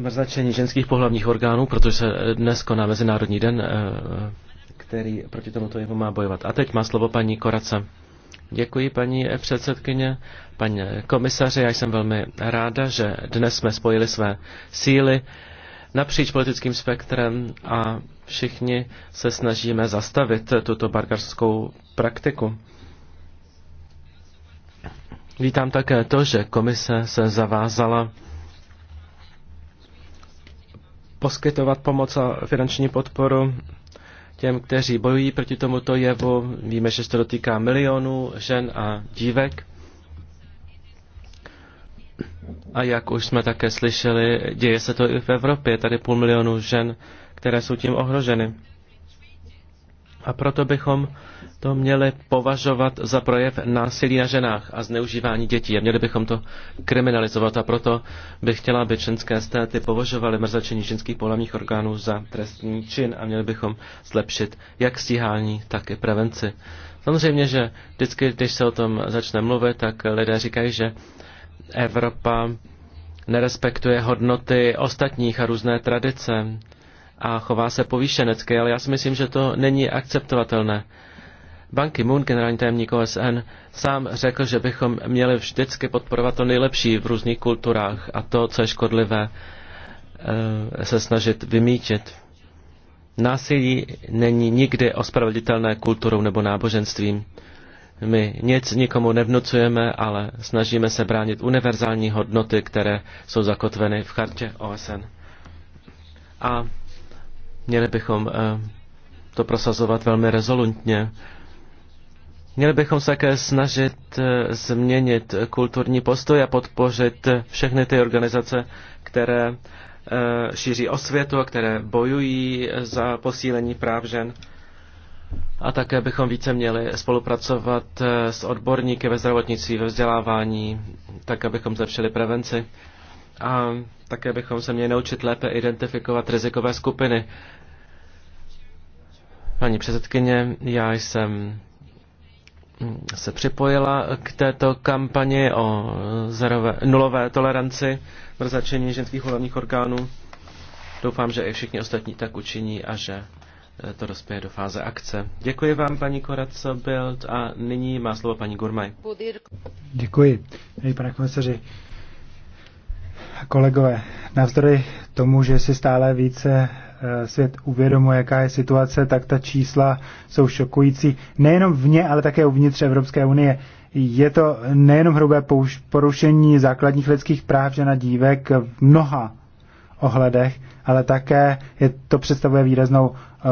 mrzačení ženských pohlavních orgánů, protože se dnes koná Mezinárodní den, eh, který proti tomuto jevu má bojovat. A teď má slovo paní Korace. Děkuji, paní předsedkyně, paní komisaři. Já jsem velmi ráda, že dnes jsme spojili své síly napříč politickým spektrem a všichni se snažíme zastavit tuto barbarskou praktiku. Vítám také to, že komise se zavázala poskytovat pomoc a finanční podporu těm, kteří bojují proti tomuto jevu. Víme, že se to dotýká milionů žen a dívek. A jak už jsme také slyšeli, děje se to i v Evropě. Tady půl milionu žen, které jsou tím ohroženy. A proto bychom to měli považovat za projev násilí na ženách a zneužívání dětí. A měli bychom to kriminalizovat. A proto bych chtěla, aby členské státy považovaly mrzačení ženských pohlavních orgánů za trestní čin a měli bychom zlepšit jak stíhání, tak i prevenci. Samozřejmě, že vždycky, když se o tom začne mluvit, tak lidé říkají, že Evropa nerespektuje hodnoty ostatních a různé tradice a chová se povýšenecky, ale já si myslím, že to není akceptovatelné. Ban Ki-moon, generální tajemník OSN, sám řekl, že bychom měli vždycky podporovat to nejlepší v různých kulturách a to, co je škodlivé, eh, se snažit vymítit. Násilí není nikdy ospravedlitelné kulturou nebo náboženstvím. My nic nikomu nevnucujeme, ale snažíme se bránit univerzální hodnoty, které jsou zakotveny v chartě OSN. A Měli bychom eh, to prosazovat velmi rezolutně. Měli bychom se také snažit eh, změnit kulturní postoj a podpořit všechny ty organizace, které eh, šíří osvětu a které bojují za posílení práv žen. A také bychom více měli spolupracovat s odborníky ve zdravotnictví, ve vzdělávání, tak abychom zlepšili prevenci. A také bychom se měli naučit lépe identifikovat rizikové skupiny, Paní předsedkyně, já jsem se připojila k této kampani o zerové, nulové toleranci mrzačení ženských hlavních orgánů. Doufám, že i všichni ostatní tak učiní a že eh, to dospěje do fáze akce. Děkuji vám, paní Koraco Bild, a nyní má slovo paní Gurmaj. Děkuji, pane komisaři. Kolegové, navzdory tomu, že si stále více Eh, svět uvědomuje, jaká je situace, tak ta čísla jsou šokující nejenom vně, ale také uvnitř Evropské unie. Je to nejenom hrubé porušení základních lidských práv žena dívek v mnoha ohledech, ale také je, to představuje výraznou eh,